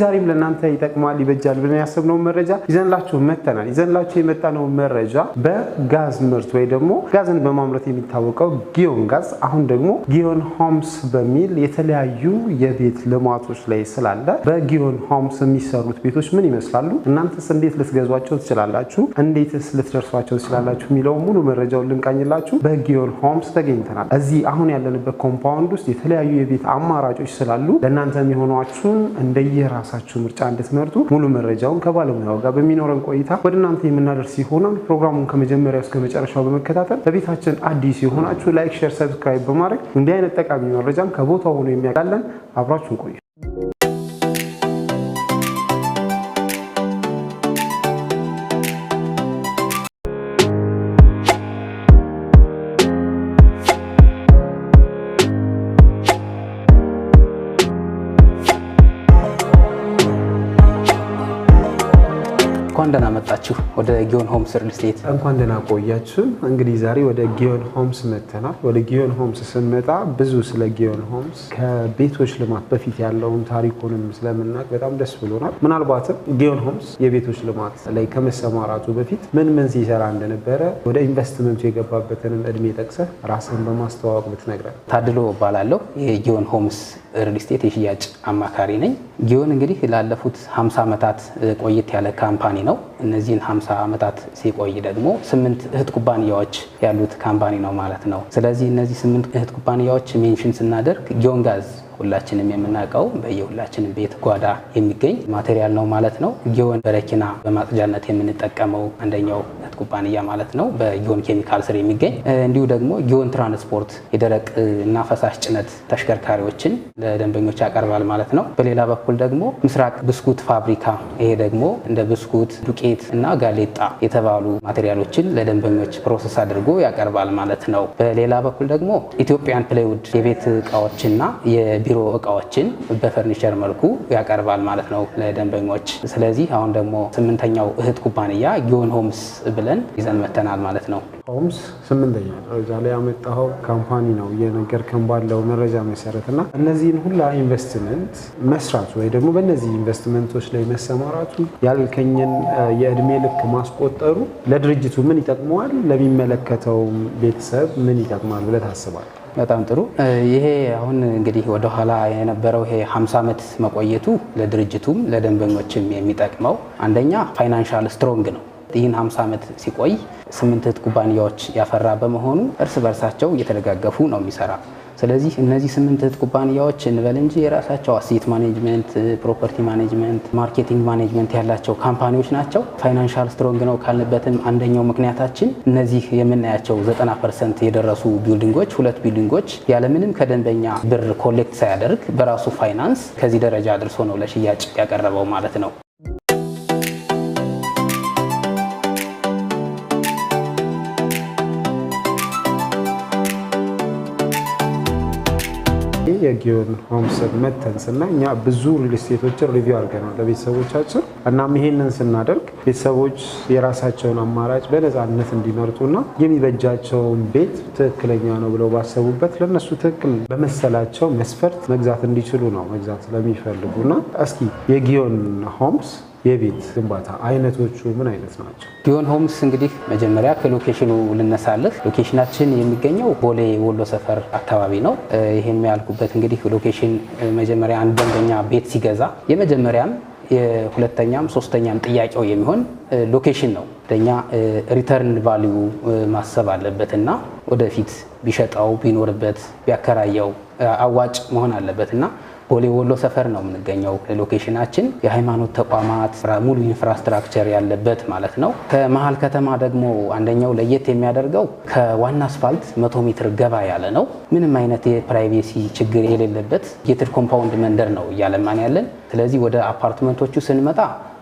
ዛሬም ለእናንተ ይጠቅማል ይበጃል ብለን ያሰብነውን መረጃ ይዘንላችሁ መተናል። ይዘንላችሁ የመጣነው መረጃ በጋዝ ምርት ወይ ደግሞ ጋዝን በማምረት የሚታወቀው ጊዮን ጋዝ አሁን ደግሞ ጊዮን ሆምስ በሚል የተለያዩ የቤት ልማቶች ላይ ስላለ በጊዮን ሆምስ የሚሰሩት ቤቶች ምን ይመስላሉ፣ እናንተስ እንዴት ልትገዟቸው ትችላላችሁ፣ እንዴትስ ልትደርሷቸው ትችላላችሁ የሚለው ሙሉ መረጃውን ልንቃኝላችሁ በጊዮን ሆምስ ተገኝተናል። እዚህ አሁን ያለንበት ኮምፓውንድ ውስጥ የተለያዩ የቤት አማራጮች ስላሉ ለእናንተ የሚሆኗችሁን እንደየራ የራሳችሁ ምርጫ እንድትመርጡ ሙሉ መረጃውን ከባለሙያው ጋር በሚኖረን ቆይታ ወደ እናንተ የምናደርስ ይሆናል። ፕሮግራሙን ከመጀመሪያ እስከ መጨረሻው በመከታተል በቤታችን አዲስ የሆናችሁ ላይክ፣ ሼር፣ ሰብስክራይብ በማድረግ እንዲህ አይነት ጠቃሚ መረጃም ከቦታው ሆኖ የሚያጋለን አብራችሁን ቆዩ። መጣችሁ ወደ ጊዮን ሆምስ ሪል ስቴት። እንኳን ደህና ቆያችሁ። እንግዲህ ዛሬ ወደ ጊዮን ሆምስ መተናል። ወደ ጊዮን ሆምስ ስንመጣ ብዙ ስለ ጊዮን ሆምስ ከቤቶች ልማት በፊት ያለውን ታሪኩንም ስለምናውቅ በጣም ደስ ብሎናል። ምናልባትም ጊዮን ሆምስ የቤቶች ልማት ላይ ከመሰማራቱ በፊት ምን ምን ሲሰራ እንደነበረ ወደ ኢንቨስትመንቱ የገባበትንም እድሜ ጠቅሰህ ራስን በማስተዋወቅ ብትነግረን። ታድሎ እባላለሁ የጊዮን ሆምስ ሪል ስቴት የሽያጭ አማካሪ ነኝ። ጊዮን እንግዲህ ላለፉት 50 ዓመታት ቆየት ያለ ካምፓኒ ነው። እነዚህን 50 ዓመታት ሲቆይ ደግሞ ስምንት እህት ኩባንያዎች ያሉት ካምፓኒ ነው ማለት ነው። ስለዚህ እነዚህ ስምንት እህት ኩባንያዎች ሜንሽን ስናደርግ ጊዮንጋዝ ሁላችንም የምናውቀው በየሁላችንም ቤት ጓዳ የሚገኝ ማቴሪያል ነው ማለት ነው። ጊዮን በረኪና በማጽጃነት የምንጠቀመው አንደኛው የምርት ኩባንያ ማለት ነው በጊዮን ኬሚካል ስር የሚገኝ እንዲሁ ደግሞ ጊዮን ትራንስፖርት የደረቅ እና ፈሳሽ ጭነት ተሽከርካሪዎችን ለደንበኞች ያቀርባል ማለት ነው። በሌላ በኩል ደግሞ ምስራቅ ብስኩት ፋብሪካ ይሄ ደግሞ እንደ ብስኩት፣ ዱቄት እና ጋሌጣ የተባሉ ማቴሪያሎችን ለደንበኞች ፕሮሰስ አድርጎ ያቀርባል ማለት ነው። በሌላ በኩል ደግሞ ኢትዮጵያን ፕላይውድ የቤት እቃዎችና የቢሮ እቃዎችን በፈርኒቸር መልኩ ያቀርባል ማለት ነው ለደንበኞች። ስለዚህ አሁን ደግሞ ስምንተኛው እህት ኩባንያ ጊዮን ሆምስ ብለን ይዘን መተናል ማለት ነው። ሆምስ ስምንተኛ ደረጃ ላይ ያመጣኸው ካምፓኒ ነው እየነገርከን ባለው መረጃ መሰረት እና እነዚህን ሁላ ኢንቨስትመንት መስራቱ ወይ ደግሞ በእነዚህ ኢንቨስትመንቶች ላይ መሰማራቱ ያልከኝን የእድሜ ልክ ማስቆጠሩ ለድርጅቱ ምን ይጠቅመዋል? ለሚመለከተው ቤተሰብ ምን ይጠቅማል ብለህ ታስባለህ? በጣም ጥሩ። ይሄ አሁን እንግዲህ ወደኋላ የነበረው ይሄ 50 ዓመት መቆየቱ ለድርጅቱም ለደንበኞችም የሚጠቅመው አንደኛ ፋይናንሻል ስትሮንግ ነው። ይህን 50 ዓመት ሲቆይ ስምንት እህት ኩባንያዎች ያፈራ በመሆኑ እርስ በርሳቸው እየተደጋገፉ ነው የሚሰራ። ስለዚህ እነዚህ ስምንት እህት ኩባንያዎች እንበል እንጂ የራሳቸው አሴት ማኔጅመንት፣ ፕሮፐርቲ ማኔጅመንት፣ ማርኬቲንግ ማኔጅመንት ያላቸው ካምፓኒዎች ናቸው። ፋይናንሻል ስትሮንግ ነው ካልንበትም አንደኛው ምክንያታችን እነዚህ የምናያቸው 90 ፐርሰንት የደረሱ ቢልዲንጎች፣ ሁለት ቢልዲንጎች ያለምንም ከደንበኛ ብር ኮሌክት ሳያደርግ በራሱ ፋይናንስ ከዚህ ደረጃ አድርሶ ነው ለሽያጭ ያቀረበው ማለት ነው። የጊዮን ሆምስን መተን ስናይ እኛ ብዙ ሪልስቴቶችን ሪቪው አድርገናል ለቤተሰቦቻችን። እናም ይሄንን ስናደርግ ቤተሰቦች የራሳቸውን አማራጭ በነፃነት እንዲመርጡና የሚበጃቸውን ቤት ትክክለኛ ነው ብለው ባሰቡበት ለነሱ ትክክል በመሰላቸው መስፈርት መግዛት እንዲችሉ ነው መግዛት ና እስኪ የጊዮን ሆምስ የቤት ግንባታ አይነቶቹ ምን አይነት ናቸው? ዲዮን ሆምስ እንግዲህ መጀመሪያ ከሎኬሽኑ ልነሳልህ። ሎኬሽናችን የሚገኘው ቦሌ ወሎ ሰፈር አካባቢ ነው። ይህም ያልኩበት እንግዲህ ሎኬሽን መጀመሪያ አንድ ደንበኛ ቤት ሲገዛ የመጀመሪያም የሁለተኛም ሶስተኛም ጥያቄው የሚሆን ሎኬሽን ነው። ደኛ ሪተርን ቫሊዩ ማሰብ አለበት እና ወደፊት ቢሸጠው ቢኖርበት ቢያከራየው አዋጭ መሆን አለበት እና ቦሌ ወሎ ሰፈር ነው የምንገኘው ሎኬሽናችን። የሃይማኖት ተቋማት ሙሉ ኢንፍራስትራክቸር ያለበት ማለት ነው። ከመሀል ከተማ ደግሞ አንደኛው ለየት የሚያደርገው ከዋና አስፋልት መቶ ሜትር ገባ ያለ ነው። ምንም አይነት የፕራይቬሲ ችግር የሌለበት ጌትድ ኮምፓውንድ መንደር ነው እያለማን ያለን። ስለዚህ ወደ አፓርትመንቶቹ ስንመጣ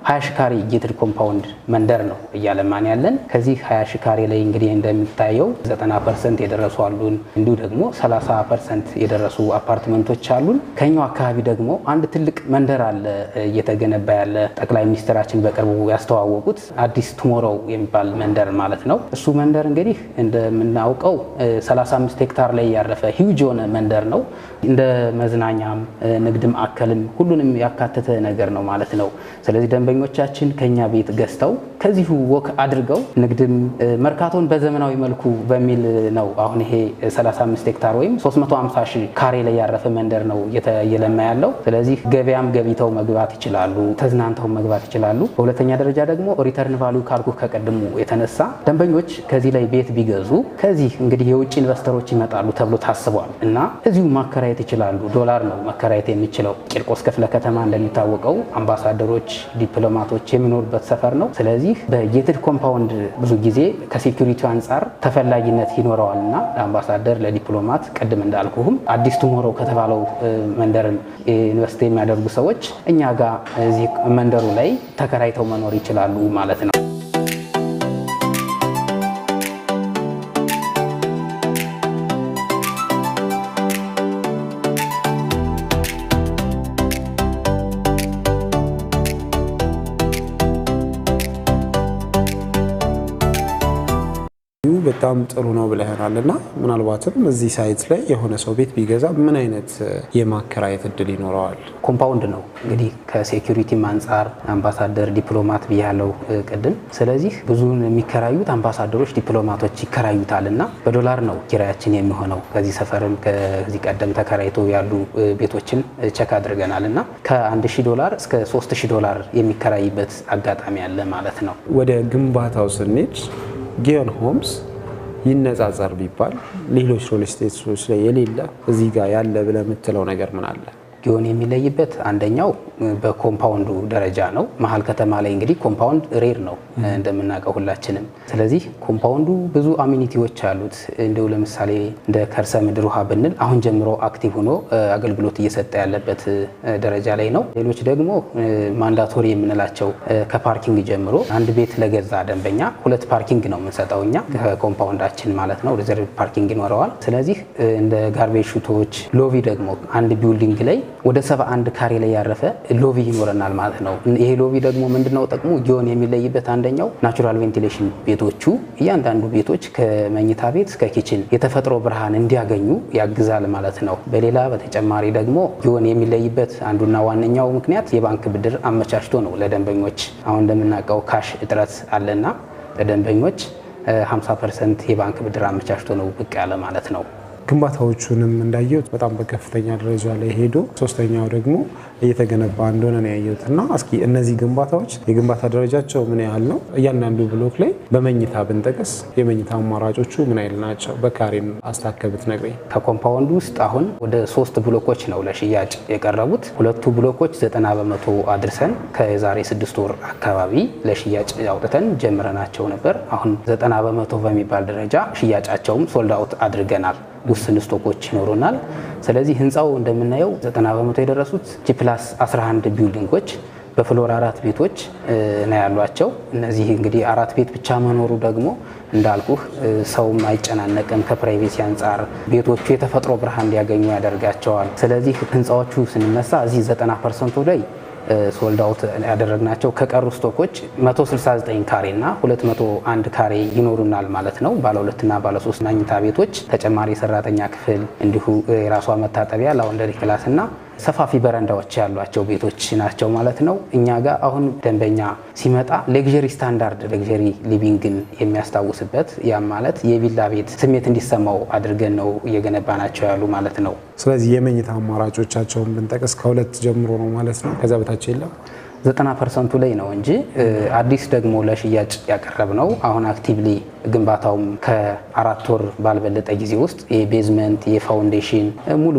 ሀያ ሽካሪ ጌትድ ኮምፓውንድ መንደር ነው እያለማን ያለን። ከዚህ ሀያ ሽካሪ ላይ እንግዲህ እንደሚታየው ዘጠና ፐርሰንት የደረሱ አሉን፣ እንዲሁ ደግሞ ሰላሳ ፐርሰንት የደረሱ አፓርትመንቶች አሉን። ከኛው አካባቢ ደግሞ አንድ ትልቅ መንደር አለ እየተገነባ ያለ ጠቅላይ ሚኒስትራችን በቅርቡ ያስተዋወቁት አዲስ ቱሞሮው የሚባል መንደር ማለት ነው። እሱ መንደር እንግዲህ እንደምናውቀው 35 ሄክታር ላይ ያረፈ ሂውጅ የሆነ መንደር ነው። እንደ መዝናኛም ንግድ ማዕከልም ሁሉንም ያካተተ ነገር ነው ማለት ነው። ስለዚህ ደንበ ደንበኞቻችን ከኛ ቤት ገዝተው ከዚሁ ወክ አድርገው ንግድም መርካቶን በዘመናዊ መልኩ በሚል ነው። አሁን ይሄ 35 ሄክታር ወይም 350 ሺህ ካሬ ላይ ያረፈ መንደር ነው እየለማ ያለው። ስለዚህ ገበያም ገቢተው መግባት ይችላሉ፣ ተዝናንተው መግባት ይችላሉ። በሁለተኛ ደረጃ ደግሞ ሪተርን ቫሉ ካልኩ ከቀድሙ የተነሳ ደንበኞች ከዚህ ላይ ቤት ቢገዙ ከዚህ እንግዲህ የውጭ ኢንቨስተሮች ይመጣሉ ተብሎ ታስቧል እና እዚሁ ማከራየት ይችላሉ። ዶላር ነው መከራየት የሚችለው። ቂርቆስ ክፍለ ከተማ እንደሚታወቀው አምባሳደሮች፣ ዲፕሎማቶች የሚኖሩበት ሰፈር ነው። ስለዚህ ይህ በጌትድ ኮምፓውንድ ብዙ ጊዜ ከሴኩሪቲ አንጻር ተፈላጊነት ይኖረዋል እና ለአምባሳደር፣ ለዲፕሎማት ቅድም እንዳልኩሁም አዲስ ቱሞሮ ከተባለው መንደርን ዩኒቨርሲቲ የሚያደርጉ ሰዎች እኛ ጋር እዚህ መንደሩ ላይ ተከራይተው መኖር ይችላሉ ማለት ነው። በጣም ጥሩ ነው ብለህናል እና ምናልባትም እዚህ ሳይት ላይ የሆነ ሰው ቤት ቢገዛ ምን አይነት የማከራየት እድል ይኖረዋል? ኮምፓውንድ ነው እንግዲህ ከሴኩሪቲም አንጻር አምባሳደር፣ ዲፕሎማት ብያለው ቅድም። ስለዚህ ብዙን የሚከራዩት አምባሳደሮች፣ ዲፕሎማቶች ይከራዩታል እና በዶላር ነው ኪራያችን የሚሆነው። ከዚህ ሰፈርም ከዚህ ቀደም ተከራይቶ ያሉ ቤቶችን ቸክ አድርገናል እና ከ1000 ዶላር እስከ 3000 ዶላር የሚከራይበት አጋጣሚ አለ ማለት ነው። ወደ ግንባታው ስንሄድ ጊዮን ሆምስ ይነጻጸር ቢባል ሌሎች ሪል ስቴቶች ላይ የሌለ እዚህ ጋር ያለ ብለህ የምትለው ነገር ምን አለ? ጊዮን የሚለይበት አንደኛው በኮምፓውንዱ ደረጃ ነው። መሀል ከተማ ላይ እንግዲህ ኮምፓውንድ ሬር ነው እንደምናውቀው ሁላችንም። ስለዚህ ኮምፓውንዱ ብዙ አሚኒቲዎች አሉት። እንዲሁ ለምሳሌ እንደ ከርሰ ምድር ውሃ ብንል አሁን ጀምሮ አክቲቭ ሆኖ አገልግሎት እየሰጠ ያለበት ደረጃ ላይ ነው። ሌሎች ደግሞ ማንዳቶሪ የምንላቸው ከፓርኪንግ ጀምሮ አንድ ቤት ለገዛ ደንበኛ ሁለት ፓርኪንግ ነው የምንሰጠው እኛ ከኮምፓውንዳችን ማለት ነው። ሪዘርቭ ፓርኪንግ ይኖረዋል። ስለዚህ እንደ ጋርቤጅ ሹቶዎች ሎቪ ደግሞ አንድ ቢውልዲንግ ላይ ወደ 71 ካሬ ላይ ያረፈ ሎቢ ይኖረናል ማለት ነው። ይሄ ሎቢ ደግሞ ምንድነው ጥቅሙ ጊዮን የሚለይበት አንደኛው ናቹራል ቬንቲሌሽን ቤቶቹ እያንዳንዱ ቤቶች ከመኝታ ቤት እስከ ኪችን የተፈጥሮ ብርሃን እንዲያገኙ ያግዛል ማለት ነው። በሌላ በተጨማሪ ደግሞ ጊዮን የሚለይበት አንዱና ዋነኛው ምክንያት የባንክ ብድር አመቻችቶ ነው ለደንበኞች። አሁን እንደምናውቀው ካሽ እጥረት አለና ለደንበኞች 50 ፐርሰንት የባንክ ብድር አመቻችቶ ነው ብቅ ያለ ማለት ነው። ግንባታዎቹንም እንዳየሁት በጣም በከፍተኛ ደረጃ ላይ ሄዶ ሶስተኛው ደግሞ እየተገነባ እንደሆነ ነው ያየሁት። እና እስኪ እነዚህ ግንባታዎች የግንባታ ደረጃቸው ምን ያህል ነው? እያንዳንዱ ብሎክ ላይ በመኝታ ብንጠቀስ የመኝታ አማራጮቹ ምን ያህል ናቸው? በካሬም አስታከብት ነግረኝ። ከኮምፓውንድ ውስጥ አሁን ወደ ሶስት ብሎኮች ነው ለሽያጭ የቀረቡት። ሁለቱ ብሎኮች ዘጠና በመቶ አድርሰን ከዛሬ ስድስት ወር አካባቢ ለሽያጭ አውጥተን ጀምረናቸው ነበር። አሁን ዘጠና በመቶ በሚባል ደረጃ ሽያጫቸውም ሶልድ አውት አድርገናል። ውስን ስቶኮች ይኖሩናል። ስለዚህ ህንፃው እንደምናየው 90 በመቶ የደረሱት ጂፕላስ 11 ቢልዲንጎች በፍሎር አራት ቤቶች ነው ያሏቸው። እነዚህ እንግዲህ አራት ቤት ብቻ መኖሩ ደግሞ እንዳልኩህ ሰውም አይጨናነቅም። ከፕራይቬሲ አንጻር ቤቶቹ የተፈጥሮ ብርሃን እንዲያገኙ ያደርጋቸዋል። ስለዚህ ህንፃዎቹ ስንነሳ እዚህ 90 ፐርሰንቱ ላይ ሶልድ አውት ያደረግናቸው ከቀሩ ስቶኮች 169 ካሬ እና 201 ካሬ ይኖሩናል ማለት ነው። ባለ ሁለትና ባለ ሶስት መኝታ ቤቶች፣ ተጨማሪ ሰራተኛ ክፍል እንዲሁ የራሷ መታጠቢያ ላውንደሪ ክላስ እና ሰፋፊ በረንዳዎች ያሏቸው ቤቶች ናቸው ማለት ነው። እኛ ጋር አሁን ደንበኛ ሲመጣ ሌግሪ ስታንዳርድ ሌግሪ ሊቪንግን የሚያስታውስበት ያም ማለት የቪላ ቤት ስሜት እንዲሰማው አድርገን ነው እየገነባ ናቸው ያሉ ማለት ነው። ስለዚህ የመኝታ አማራጮቻቸውን ብንጠቅስ ከሁለት ጀምሮ ነው ማለት ነው። ከዛ በታቸው የለም ዘጠና ፐርሰንቱ ላይ ነው እንጂ አዲስ ደግሞ ለሽያጭ ያቀረብ ነው። አሁን አክቲቭሊ ግንባታውም ከአራት ወር ባልበለጠ ጊዜ ውስጥ የቤዝመንት የፋውንዴሽን ሙሉ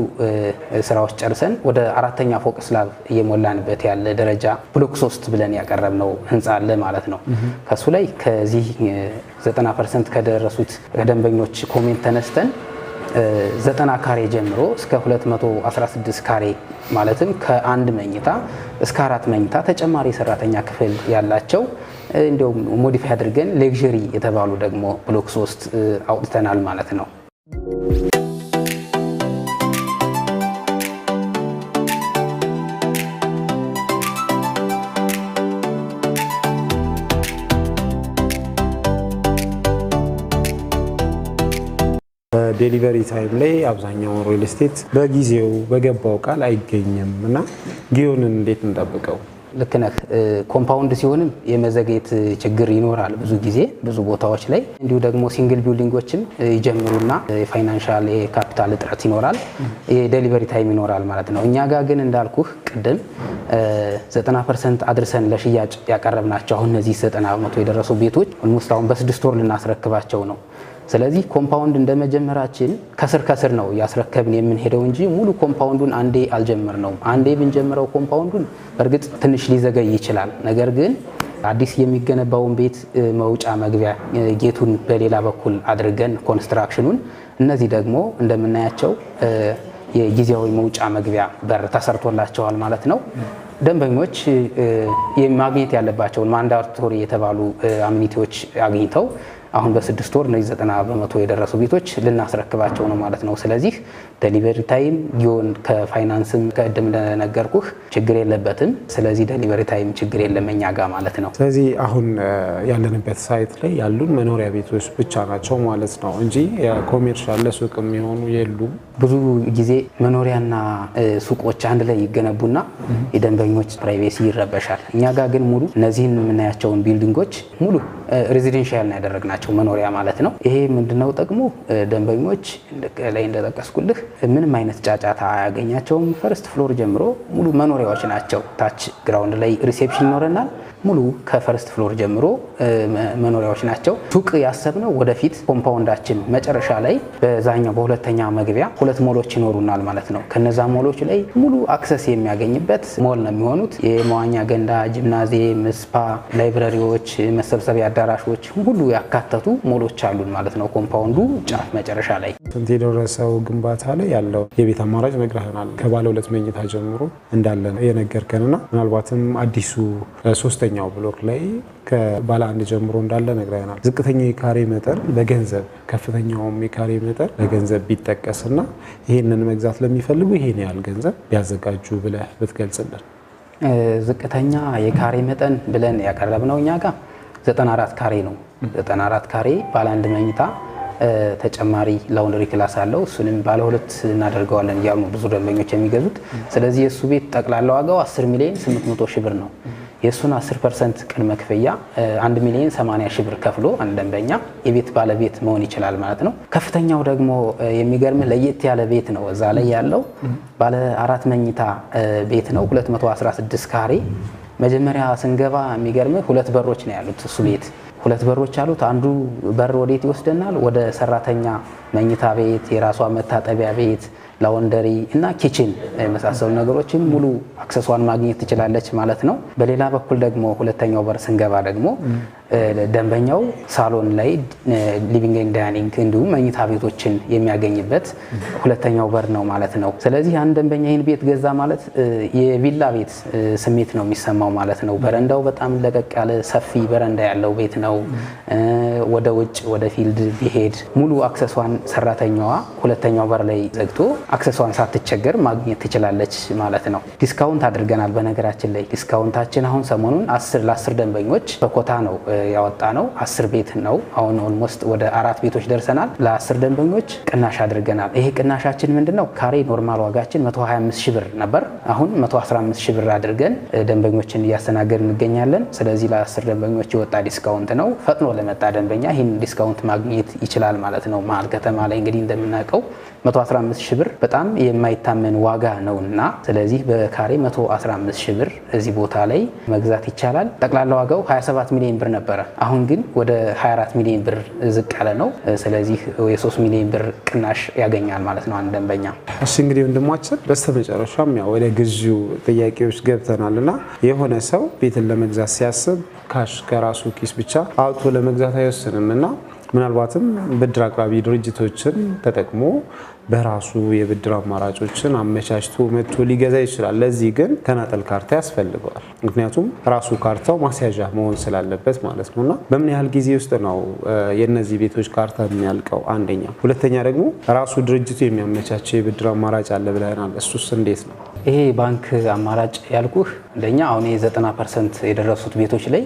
ስራዎች ጨርሰን ወደ አራተኛ ፎቅ ስላብ እየሞላንበት ያለ ደረጃ ብሎክ ሶስት ብለን ያቀረብ ነው ህንፃ አለ ማለት ነው። ከሱ ላይ ከዚህ 90 ፐርሰንት ከደረሱት ከደንበኞች ኮሜንት ተነስተን ዘጠና ካሬ ጀምሮ እስከ 216 ካሬ ማለትም ከአንድ መኝታ እስከ አራት መኝታ ተጨማሪ ሰራተኛ ክፍል ያላቸው እንዲሁም ሞዲፋይ አድርገን ሌግዥሪ የተባሉ ደግሞ ብሎክ ሶስት አውጥተናል ማለት ነው። በዴሊቨሪ ታይም ላይ አብዛኛው ሪል ስቴት በጊዜው በገባው ቃል አይገኝም እና ጊዮንን እንዴት እንጠብቀው? ልክ ነህ። ኮምፓውንድ ሲሆንም የመዘግየት ችግር ይኖራል ብዙ ጊዜ ብዙ ቦታዎች ላይ። እንዲሁ ደግሞ ሲንግል ቢልዲንጎችም ይጀምሩና የፋይናንሻል የካፒታል እጥረት ይኖራል፣ የደሊቨሪ ታይም ይኖራል ማለት ነው። እኛ ጋር ግን እንዳልኩህ ቅድም 90 ፐርሰንት አድርሰን ለሽያጭ ያቀረብናቸው አሁን እነዚህ 90 በመቶ የደረሱ ቤቶች ኦልሞስት አሁን በስድስት ወር ልናስረክባቸው ነው። ስለዚህ ኮምፓውንድ እንደመጀመራችን ከስር ከስር ነው እያስረከብን የምንሄደው እንጂ ሙሉ ኮምፓውንዱን አንዴ ነው። አንዴ ብንጀምረው ኮምፓውንዱን በእርግጥ ትንሽ ሊዘገይ ይችላል። ነገር ግን አዲስ የሚገነባውን ቤት መውጫ መግቢያ ጌቱን በሌላ በኩል አድርገን ኮንስትራክሽኑን፣ እነዚህ ደግሞ እንደምናያቸው የጊዜያዊ መውጫ መግቢያ በር ተሰርቶላቸዋል ማለት ነው። ደንበኞች ማግኘት ያለባቸውን ማንዳቶሪ የተባሉ አሚኒቲዎች አግኝተው አሁን በስድስት ወር እነዚህ ዘጠና በመቶ የደረሱ ቤቶች ልናስረክባቸው ነው ማለት ነው። ስለዚህ ደሊቨሪ ታይም ጊዮን ከፋይናንስም ከእድም እንደነገርኩህ ችግር የለበትም። ስለዚህ ደሊቨሪ ታይም ችግር የለም እኛ ጋ ማለት ነው። ስለዚህ አሁን ያለንበት ሳይት ላይ ያሉን መኖሪያ ቤቶች ብቻ ናቸው ማለት ነው እንጂ ኮሜርሻል ለሱቅ የሚሆኑ የሉም። ብዙ ጊዜ መኖሪያና ሱቆች አንድ ላይ ይገነቡና የደንበኞች ፕራይቬሲ ይረበሻል። እኛ ጋ ግን ሙሉ እነዚህን የምናያቸውን ቢልዲንጎች ሙሉ ሬዚደንሻል ያደረግናቸው መኖሪያ ማለት ነው። ይሄ ምንድነው ጠቅሞ ደንበኞች ላይ እንደጠቀስኩልህ ምንም አይነት ጫጫታ አያገኛቸውም። ፈርስት ፍሎር ጀምሮ ሙሉ መኖሪያዎች ናቸው። ታች ግራውንድ ላይ ሪሴፕሽን ይኖረናል። ሙሉ ከፈርስት ፍሎር ጀምሮ መኖሪያዎች ናቸው። ሱቅ ያሰብነው ወደፊት ኮምፓውንዳችን መጨረሻ ላይ በዛኛው በሁለተኛ መግቢያ ሁለት ሞሎች ይኖሩናል ማለት ነው። ከነዛ ሞሎች ላይ ሙሉ አክሰስ የሚያገኝበት ሞል ነው የሚሆኑት። የመዋኛ ገንዳ፣ ጂምናዚየም፣ ስፓ፣ ላይብረሪዎች፣ መሰብሰቢያ አዳራሾች ሁሉ ያካተቱ ሞሎች አሉን ማለት ነው። ኮምፓውንዱ ጫፍ መጨረሻ ላይ ስንት የደረሰው ግንባታ ላይ ያለው የቤት አማራጭ ነግረህናል። ከባለ ሁለት መኝታ ጀምሮ እንዳለ ነው የነገርከንና ምናልባትም አዲሱ ሶስተኛው ብሎክ ላይ ከባለ አንድ ጀምሮ እንዳለ ነግረናል። ዝቅተኛው የካሬ መጠን በገንዘብ ከፍተኛውም የካሬ መጠን በገንዘብ ቢጠቀስና ይህንን መግዛት ለሚፈልጉ ይሄን ያህል ገንዘብ ቢያዘጋጁ ብለህ ብትገልጽልን። ዝቅተኛ የካሬ መጠን ብለን ያቀረብነው እኛ ጋር 94 ካሬ ነው። 94 ካሬ ባለ አንድ መኝታ ተጨማሪ ላውንደሪ ክላስ አለው። እሱንም ባለ ሁለት እናደርገዋለን እያሉ ነው ብዙ ደንበኞች የሚገዙት። ስለዚህ የእሱ ቤት ጠቅላላ ዋጋው 10 ሚሊዮን 800 ሺህ ብር ነው። የእሱን 10 ፐርሰንት ቅድመ ክፍያ 1 ሚሊዮን 80 ሺህ ብር ከፍሎ አንድ ደንበኛ የቤት ባለቤት መሆን ይችላል ማለት ነው። ከፍተኛው ደግሞ የሚገርም ለየት ያለ ቤት ነው እዛ ላይ ያለው ባለ አራት መኝታ ቤት ነው 216 ካሬ መጀመሪያ ስንገባ የሚገርም ሁለት በሮች ነው ያሉት እሱ ቤት ሁለት በሮች አሉት። አንዱ በር ወዴት ይወስደናል? ወደ ሰራተኛ መኝታ ቤት፣ የራሷ መታጠቢያ ቤት፣ ላውንደሪ እና ኪችን የመሳሰሉ ነገሮችን ሙሉ አክሰሷን ማግኘት ትችላለች ማለት ነው። በሌላ በኩል ደግሞ ሁለተኛው በር ስንገባ ደግሞ ደንበኛው ሳሎን ላይ ሊቪንግ ኤንድ ዳይኒንግ እንዲሁም መኝታ ቤቶችን የሚያገኝበት ሁለተኛው በር ነው ማለት ነው። ስለዚህ አንድ ደንበኛ ይህን ቤት ገዛ ማለት የቪላ ቤት ስሜት ነው የሚሰማው ማለት ነው። በረንዳው በጣም ለቀቅ ያለ ሰፊ በረንዳ ያለው ቤት ነው። ወደ ውጭ ወደ ፊልድ ቢሄድ ሙሉ አክሰሷን ሰራተኛዋ ሁለተኛው በር ላይ ዘግቶ አክሰሷን ሳትቸገር ማግኘት ትችላለች ማለት ነው። ዲስካውንት አድርገናል። በነገራችን ላይ ዲስካውንታችን አሁን ሰሞኑን ለአስር ደንበኞች በኮታ ነው ያወጣ ነው። አስር ቤት ነው። አሁን ኦልሞስት ወደ አራት ቤቶች ደርሰናል። ለአስር ደንበኞች ቅናሽ አድርገናል። ይሄ ቅናሻችን ምንድን ነው? ካሬ ኖርማል ዋጋችን 125 ሺ ብር ነበር። አሁን 115 ሺ ብር አድርገን ደንበኞችን እያስተናገድ እንገኛለን። ስለዚህ ለአስር ደንበኞች የወጣ ዲስካውንት ነው። ፈጥኖ ለመጣ ደንበኛ ይህን ዲስካውንት ማግኘት ይችላል ማለት ነው። መሀል ከተማ ላይ እንግዲህ እንደምናውቀው 115 ሺ ብር በጣም የማይታመን ዋጋ ነው እና ስለዚህ በካሬ 115 ሺ ብር እዚህ ቦታ ላይ መግዛት ይቻላል። ጠቅላላ ዋጋው 27 ሚሊዮን ብር ነበር። ነበረ። አሁን ግን ወደ 24 ሚሊዮን ብር ዝቅ ያለ ነው። ስለዚህ የ3 ሚሊዮን ብር ቅናሽ ያገኛል ማለት ነው አንድ ደንበኛ። እሺ እንግዲህ ወንድማችን በስተመጨረሻም ያው ወደ ግዢው ጥያቄዎች ገብተናል እና የሆነ ሰው ቤትን ለመግዛት ሲያስብ ካሽ ከራሱ ኪስ ብቻ አውጥቶ ለመግዛት አይወስንም እና ምናልባትም ብድር አቅራቢ ድርጅቶችን ተጠቅሞ በራሱ የብድር አማራጮችን አመቻችቶ መጥቶ ሊገዛ ይችላል። ለዚህ ግን ተናጠል ካርታ ያስፈልገዋል። ምክንያቱም ራሱ ካርታው ማስያዣ መሆን ስላለበት ማለት ነው። እና በምን ያህል ጊዜ ውስጥ ነው የእነዚህ ቤቶች ካርታ የሚያልቀው? አንደኛ። ሁለተኛ ደግሞ ራሱ ድርጅቱ የሚያመቻቸው የብድር አማራጭ አለ ብለናል። እሱስ እንዴት ነው? ይሄ ባንክ አማራጭ ያልኩህ እንደኛ አሁን የዘጠና ፐርሰንት የደረሱት ቤቶች ላይ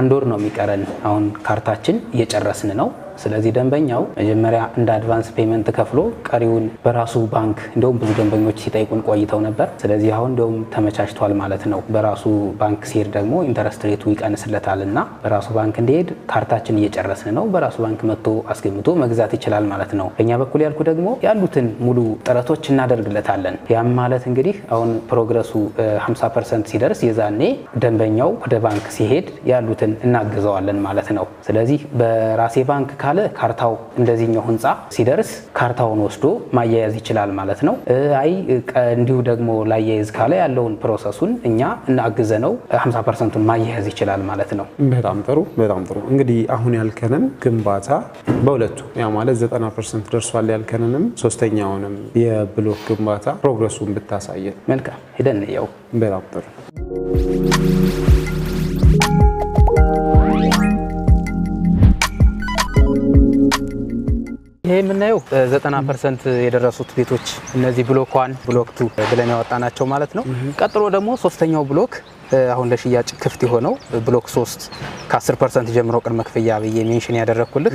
አንድ ወር ነው የሚቀረን። አሁን ካርታችን እየጨረስን ነው ስለዚህ ደንበኛው መጀመሪያ እንደ አድቫንስ ፔመንት ከፍሎ ቀሪውን በራሱ ባንክ እንደውም ብዙ ደንበኞች ሲጠይቁን ቆይተው ነበር። ስለዚህ አሁን እንደውም ተመቻችቷል ማለት ነው። በራሱ ባንክ ሲሄድ ደግሞ ኢንተረስት ሬቱ ይቀንስለታል እና በራሱ ባንክ እንዲሄድ ካርታችን እየጨረስን ነው። በራሱ ባንክ መጥቶ አስገምቶ መግዛት ይችላል ማለት ነው። በእኛ በኩል ያልኩ ደግሞ ያሉትን ሙሉ ጥረቶች እናደርግለታለን። ያም ማለት እንግዲህ አሁን ፕሮግረሱ 50 ፐርሰንት ሲደርስ የዛኔ ደንበኛው ወደ ባንክ ሲሄድ ያሉትን እናግዘዋለን ማለት ነው። ስለዚህ በራሴ ባንክ ካለ ካርታው እንደዚህኛው ህንፃ ሲደርስ ካርታውን ወስዶ ማያያዝ ይችላል ማለት ነው። አይ እንዲሁ ደግሞ ላያይዝ ካለ ያለውን ፕሮሰሱን እኛ እናግዘ ነው 50 ፐርሰንቱን ማያያዝ ይችላል ማለት ነው። በጣም ጥሩ በጣም ጥሩ። እንግዲህ አሁን ያልከንን ግንባታ በሁለቱ ያ ማለት 90 ፐርሰንት ደርሷል ያልከንንም ሶስተኛውንም የብሎክ ግንባታ ፕሮግረሱን ብታሳየን። መልካም ሄደን ያው በጣም ጥሩ የምናየው ዘጠና ፐርሰንት የደረሱት ቤቶች እነዚህ ብሎክ ዋን ብሎክ ቱ ብለን ያወጣናቸው ማለት ነው። ቀጥሎ ደግሞ ሶስተኛው ብሎክ አሁን ለሽያጭ ክፍት የሆነው ብሎክ 3 ከ10 ፐርሰንት ጀምሮ ቅድመ ክፍያ ብዬ ሜንሽን ያደረግኩልህ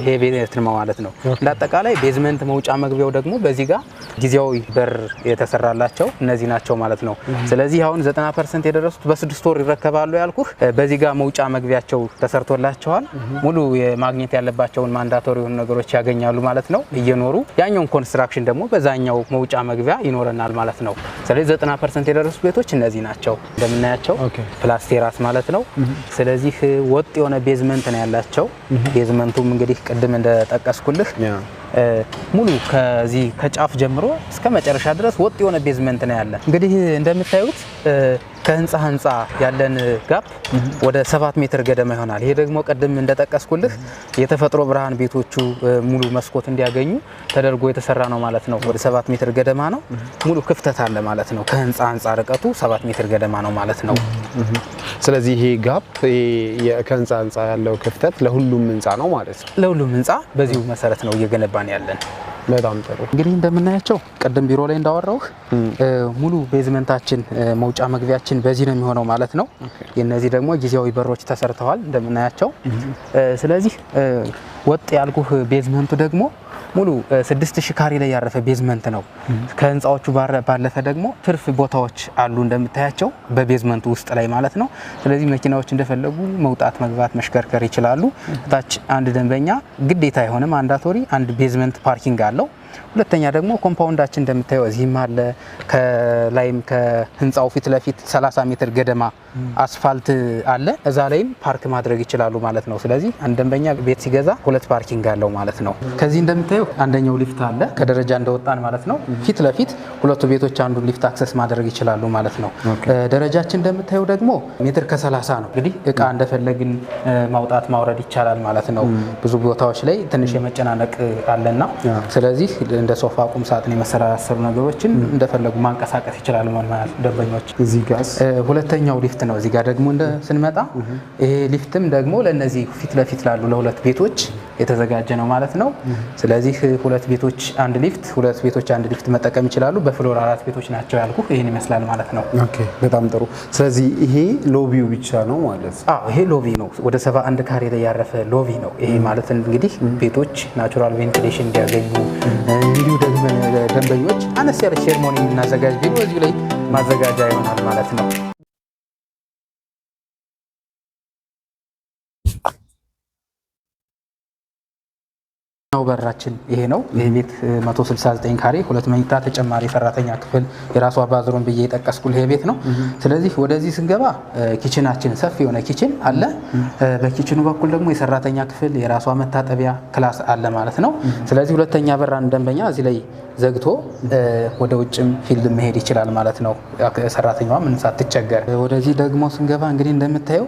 ይሄ ቤት ነው ማለት ነው። እንዳጠቃላይ ቤዝመንት መውጫ መግቢያው ደግሞ በዚህ ጋር ጊዜያዊ በር የተሰራላቸው እነዚህ ናቸው ማለት ነው። ስለዚህ አሁን 90 ፐርሰንት የደረሱት በስድስት ወር ይረከባሉ ያልኩህ በዚህ ጋር መውጫ መግቢያቸው ተሰርቶላቸዋል። ሙሉ ማግኘት ያለባቸውን ማንዳቶሪ የሆኑ ነገሮች ያገኛሉ ማለት ነው እየኖሩ ያኛውን ኮንስትራክሽን ደግሞ በዛኛው መውጫ መግቢያ ይኖረናል ማለት ነው። ስለዚህ 90 ፐርሰንት የደረሱት ቤቶች እነዚህ ናቸው። እንደምናያቸው ፕላስ ራስ ማለት ነው። ስለዚህ ወጥ የሆነ ቤዝመንት ነው ያላቸው። ቤዝመንቱም እንግዲህ ቅድም እንደጠቀስኩልህ ሙሉ ከዚህ ከጫፍ ጀምሮ እስከ መጨረሻ ድረስ ወጥ የሆነ ቤዝመንት ነው ያለ። እንግዲህ እንደምታዩት ከህንፃ ህንፃ ያለን ጋፕ ወደ ሰባት ሜትር ገደማ ይሆናል። ይሄ ደግሞ ቅድም እንደጠቀስኩልህ የተፈጥሮ ብርሃን ቤቶቹ ሙሉ መስኮት እንዲያገኙ ተደርጎ የተሰራ ነው ማለት ነው። ወደ ሰባት ሜትር ገደማ ነው። ሙሉ ክፍተት አለ ማለት ነው። ከህንፃ ህንፃ ርቀቱ ሰባት ሜትር ገደማ ነው ማለት ነው። ስለዚህ ይሄ ጋፕ ከህንፃ ህንፃ ያለው ክፍተት ለሁሉም ህንፃ ነው ማለት ነው። ለሁሉም ህንፃ በዚሁ መሰረት ነው እየገነባን ያለን። በጣም ጥሩ እንግዲህ እንደምናያቸው ቅድም ቢሮ ላይ እንዳወራውህ ሙሉ ቤዝመንታችን መውጫ መግቢያችን በዚህ ነው የሚሆነው ማለት ነው። እነዚህ ደግሞ ጊዜያዊ በሮች ተሰርተዋል እንደምናያቸው። ስለዚህ ወጥ ያልኩህ ቤዝመንቱ ደግሞ ሙሉ ሺ ካሬ ላይ ያረፈ ቤዝመንት ነው። ከህንፃዎቹ ባለፈ ደግሞ ትርፍ ቦታዎች አሉ እንደምታያቸው በቤዝመንቱ ውስጥ ላይ ማለት ነው። ስለዚህ መኪናዎች እንደፈለጉ መውጣት፣ መግባት፣ መሽከርከር ይችላሉ። ታች አንድ ደንበኛ ግዴታ የሆነ ማንዳቶሪ አንድ ቤዝመንት ፓርኪንግ አለው። ሁለተኛ ደግሞ ኮምፓውንዳችን እንደምታየው እዚህም አለ። ከላይም ከህንፃው ፊት ለፊት 30 ሜትር ገደማ አስፋልት አለ። እዛ ላይም ፓርክ ማድረግ ይችላሉ ማለት ነው። ስለዚህ አንድ ደንበኛ ቤት ሲገዛ ሁለት ፓርኪንግ አለው ማለት ነው። ከዚህ እንደምታየው አንደኛው ሊፍት አለ። ከደረጃ እንደወጣን ማለት ነው ፊት ለፊት ሁለቱ ቤቶች አንዱን ሊፍት አክሰስ ማድረግ ይችላሉ ማለት ነው። ደረጃችን እንደምታየው ደግሞ ሜትር ከ30 ነው። እንግዲህ እቃ እንደፈለግን ማውጣት ማውረድ ይቻላል ማለት ነው። ብዙ ቦታዎች ላይ ትንሽ የመጨናነቅ አለና ስለዚህ በከፊል እንደ ሶፋ፣ ቁም ሳጥን የመሰላሰሉ ነገሮችን እንደፈለጉ ማንቀሳቀስ ይችላሉ ማለት ደንበኞች። ሁለተኛው ሊፍት ነው። እዚህ ጋር ደግሞ ስንመጣ ይሄ ሊፍትም ደግሞ ለእነዚህ ፊት ለፊት ላሉ ለሁለት ቤቶች የተዘጋጀ ነው ማለት ነው። ስለዚህ ሁለት ቤቶች አንድ ሊፍት፣ ሁለት ቤቶች አንድ ሊፍት መጠቀም ይችላሉ። በፍሎር አራት ቤቶች ናቸው ያልኩ ይህን ይመስላል ማለት ነው። ኦኬ በጣም ጥሩ። ስለዚህ ይሄ ሎቢው ብቻ ነው ማለት? አዎ ይሄ ሎቢ ነው። ወደ ሰባ አንድ ካሬ ላይ ያረፈ ሎቢ ነው። ይሄ ማለት እንግዲህ ቤቶች ናቹራል ቬንቲሌሽን እንዲያገኙ እንዲሁ ደንበኞች አነስ ያለ ሴርሞኒ የምናዘጋጅ ቢሮ እዚሁ ላይ ማዘጋጃ ይሆናል ማለት ነው። ነው በራችን ይሄ ነው። ይህ ቤት 169 ካሬ ሁለት መኝታ ተጨማሪ ሰራተኛ ክፍል የራሱ አባዝሮን ብዬ የጠቀስኩል ይሄ ቤት ነው። ስለዚህ ወደዚህ ስንገባ ኪችናችን ሰፊ የሆነ ኪችን አለ። በኪችኑ በኩል ደግሞ የሰራተኛ ክፍል የራሷ መታጠቢያ ክላስ አለ ማለት ነው። ስለዚህ ሁለተኛ በር አንድ ደንበኛ እዚህ ላይ ዘግቶ ወደ ውጭም ፊልድ መሄድ ይችላል ማለት ነው። ምን ሳትቸገር። ወደዚህ ደግሞ ስንገባ እንግዲህ እንደምታየው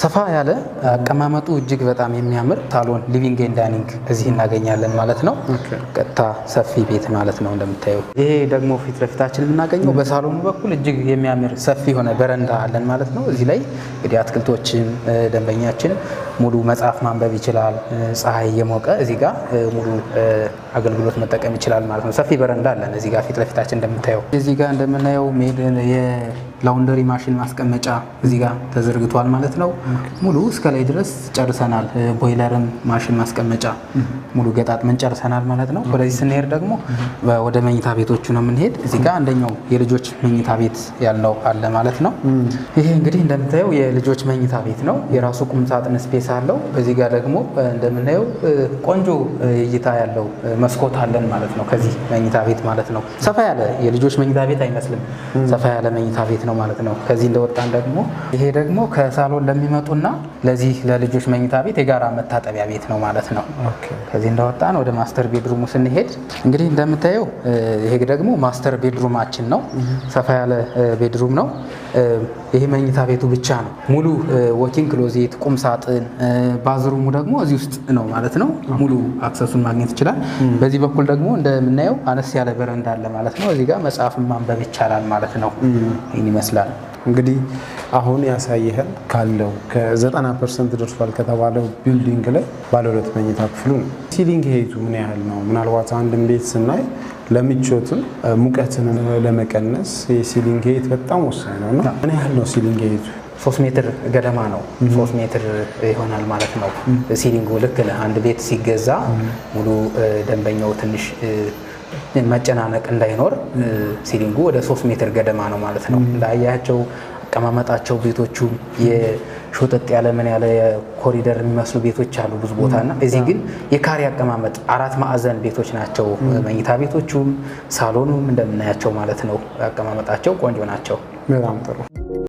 ሰፋ ያለ አቀማመጡ እጅግ በጣም የሚያምር ታሎን ሊቪንግ ኤንድ ዳይኒንግ እዚህ እናገኛለን ማለት ነው። ቀጥታ ሰፊ ቤት ማለት ነው እንደምታየው። ይሄ ደግሞ ፊት ለፊታችን የምናገኘው በሳሎኑ በኩል እጅግ የሚያምር ሰፊ የሆነ በረንዳ አለን ማለት ነው። እዚህ ላይ እንግዲህ አትክልቶችን ደንበኛችን ሙሉ መጽሐፍ ማንበብ ይችላል። ፀሐይ እየሞቀ እዚህ ጋር ሙሉ አገልግሎት መጠቀም ይችላል ማለት ነው። ሰፊ በረንዳ አለን እዚህ ጋር ፊት ለፊታችን እንደምታየው። እዚህ ጋር እንደምናየው ላውንደሪ ማሽን ማስቀመጫ እዚህ ጋር ተዘርግቷል ማለት ነው። ሙሉ እስከ ላይ ድረስ ጨርሰናል። ቦይለርም ማሽን ማስቀመጫ ሙሉ ገጣጥመን ጨርሰናል ማለት ነው። ወደዚህ ስንሄድ ደግሞ ወደ መኝታ ቤቶቹ ነው የምንሄድ። እዚህ ጋር አንደኛው የልጆች መኝታ ቤት ያለው አለ ማለት ነው። ይሄ እንግዲህ እንደምታየው የልጆች መኝታ ቤት ነው። የራሱ ቁም ሳጥን ስፔስ አለው። በዚህ ጋር ደግሞ እንደምናየው ቆንጆ እይታ ያለው መስኮት አለን ማለት ነው። ከዚህ መኝታ ቤት ማለት ነው። ሰፋ ያለ የልጆች መኝታ ቤት አይመስልም። ሰፋ ያለ መኝታ ቤት ነው ነው ማለት ነው። ከዚህ እንደወጣን ደግሞ ይሄ ደግሞ ከሳሎን ለሚመጡና ለዚህ ለልጆች መኝታ ቤት የጋራ መታጠቢያ ቤት ነው ማለት ነው። ከዚህ እንደወጣን ወደ ማስተር ቤድሩሙ ስንሄድ እንግዲህ እንደምታየው ይሄ ደግሞ ማስተር ቤድሩማችን ነው። ሰፋ ያለ ቤድሩም ነው። ይሄ መኝታ ቤቱ ብቻ ነው። ሙሉ ወኪንግ ክሎዜት፣ ቁም ሳጥን፣ ባዝሩሙ ደግሞ እዚህ ውስጥ ነው ማለት ነው። ሙሉ አክሰሱን ማግኘት ይችላል። በዚህ በኩል ደግሞ እንደምናየው አነስ ያለ በረንዳ አለ ማለት ነው። እዚህ ጋር መጽሐፍን ማንበብ ይቻላል ማለት ነው። ይህን ይመስላል። እንግዲህ አሁን ያሳይህን ካለው ከዘጠና ፐርሰንት ደርሷል ከተባለው ቢልዲንግ ላይ ባለሁለት መኝታ ክፍሉ ነው። ሲሊንግ ሄይቱ ምን ያህል ነው? ምናልባት አንድን ቤት ስናይ ለምቾትም ሙቀትን ለመቀነስ የሲሊንግ ሄይት በጣም ወሳኝ ነው እና ምን ያህል ነው ሲሊንግ ሄይቱ? ሶስት ሜትር ገደማ ነው። ሶስት ሜትር ይሆናል ማለት ነው ሲሊንጉ። ልክ አንድ ቤት ሲገዛ ሙሉ ደንበኛው ትንሽ መጨናነቅ እንዳይኖር ሲሊንጉ ወደ ሶስት ሜትር ገደማ ነው ማለት ነው። እንዳያቸው አቀማመጣቸው ቤቶቹ ሾጠጥ ያለ ምን ያለ ኮሪደር የሚመስሉ ቤቶች አሉ ብዙ ቦታ እና እዚህ ግን የካሬ አቀማመጥ አራት ማዕዘን ቤቶች ናቸው። መኝታ ቤቶቹም ሳሎኑም እንደምናያቸው ማለት ነው። አቀማመጣቸው ቆንጆ ናቸው። በጣም ጥሩ